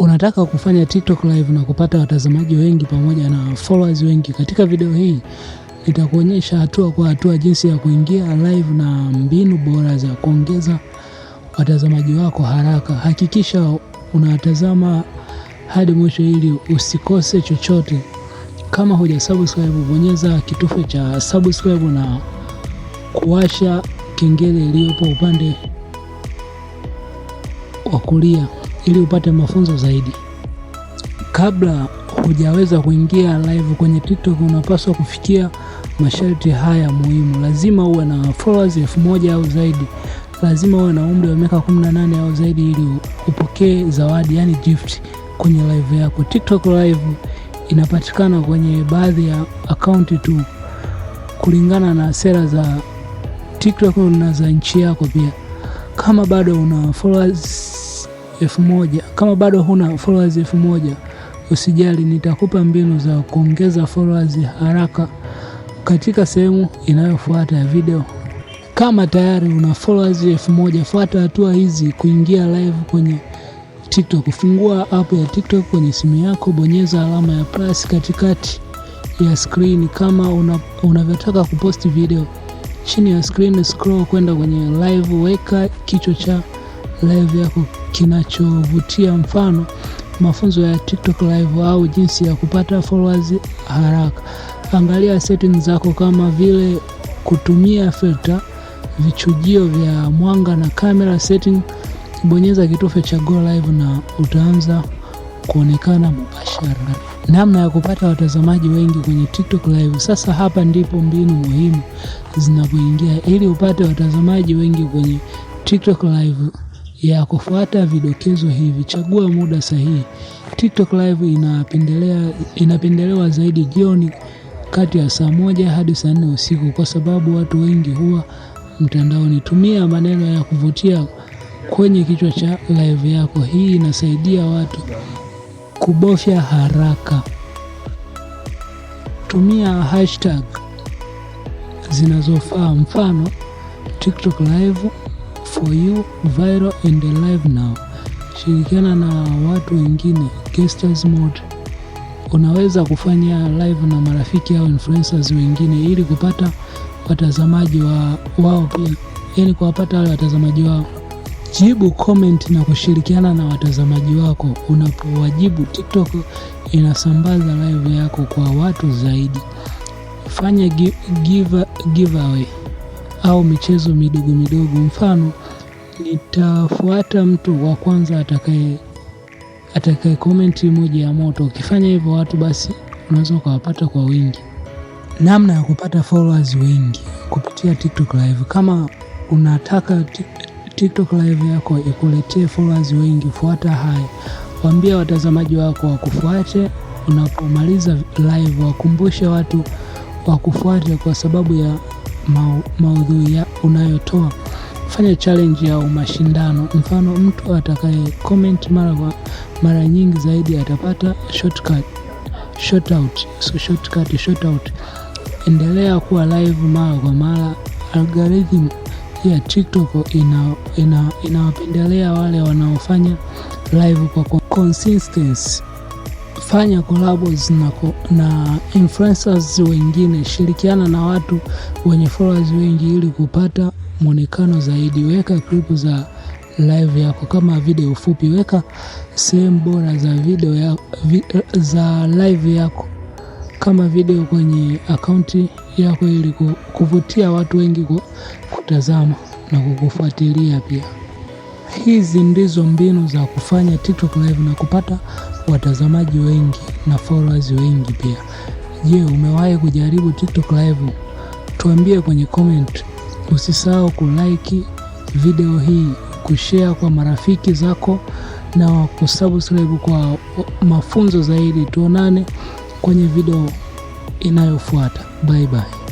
Unataka kufanya TikTok live na kupata watazamaji wengi pamoja na followers wengi? Katika video hii nitakuonyesha hatua kwa hatua jinsi ya kuingia live na mbinu bora za kuongeza watazamaji wako haraka. Hakikisha unatazama hadi mwisho ili usikose chochote. Kama huja subscribe, bonyeza kitufe cha subscribe na kuwasha kengele iliyopo upande wa kulia ili upate mafunzo zaidi. Kabla hujaweza kuingia live kwenye TikTok, unapaswa kufikia masharti haya muhimu. Lazima uwe na followers elfu moja au zaidi. Lazima uwe na umri wa miaka 18 au zaidi, ili upokee zawadi, yani gift, kwenye live yako. TikTok live inapatikana kwenye baadhi ya akaunti tu kulingana na sera za TikTok na za nchi yako. Pia kama bado una followers elfu moja. Kama bado huna followers elfu moja, usijali, nitakupa mbinu za kuongeza followers haraka katika sehemu inayofuata ya video. Kama tayari una followers elfu moja, fuata hatua hizi kuingia live kwenye TikTok. Fungua app ya TikTok kwenye simu yako, bonyeza alama ya plus katikati ya screen kama unavyotaka una kuposti video. Chini ya screen scroll kwenda kwenye live, weka kichwa cha live yako kinachovutia, mfano mafunzo ya TikTok live au jinsi ya kupata followers haraka. Angalia settings zako kama vile kutumia filter, vichujio vya mwanga na camera setting. Bonyeza kitufe cha go live na utaanza kuonekana mubashara. Namna ya kupata watazamaji wengi kwenye TikTok live. Sasa hapa ndipo mbinu muhimu zinapoingia. Ili upate watazamaji wengi kwenye TikTok live, ya kufuata vidokezo hivi. Chagua muda sahihi. TikTok live inapendelea inapendelewa zaidi jioni kati ya saa moja hadi saa nne usiku kwa sababu watu wengi huwa mtandaoni. Tumia maneno ya kuvutia kwenye kichwa cha live yako. Hii inasaidia watu kubofya haraka. Tumia hashtag zinazofaa, mfano TikTok live for you viral and alive now. Shirikiana na watu wengine Gestures Mode. Unaweza kufanya live na marafiki au influencers wengine ili kupata watazamaji wa wao pia, yani kuwapata wale watazamaji wao. Jibu comment na kushirikiana na watazamaji wako. Unapowajibu, TikTok inasambaza live yako kwa watu zaidi. Fanya give, give, giveaway au michezo midogo midogo, mfano nitafuata mtu wa kwanza atakaye atakaye komenti moja ya moto. Ukifanya hivyo watu basi unaweza ukawapata kwa wingi. Namna ya kupata followers wengi kupitia TikTok live. Kama unataka TikTok live yako ikuletee followers wengi, fuata haya. waambia watazamaji wako wakufuate. Unapomaliza live, wakumbushe watu wakufuate kwa sababu ya maudhui unayotoa fanya challenge au mashindano. Mfano, mtu atakaye comment mara kwa mara nyingi zaidi atapata shortcut, shoutout, so shortcut, shoutout. Endelea kuwa live mara kwa mara. Algorithm ya TikTok inawapendelea ina, ina wale wanaofanya live kwa consistency fanya collabs na, na influencers wengine, shirikiana na watu wenye followers wengi ili kupata mwonekano zaidi. Weka clip za live yako kama video fupi, weka sehemu bora za video ya, vi, za live yako kama video kwenye akaunti yako ili kuvutia watu wengi kutazama na kukufuatilia pia. Hizi ndizo mbinu za kufanya TikTok live na kupata watazamaji wengi na followers wengi pia. Je, umewahi kujaribu TikTok live? Tuambie kwenye comment. Usisahau kulike video hii, kushare kwa marafiki zako na kusubscribe kwa mafunzo zaidi. Tuonane kwenye video inayofuata. Bye bye.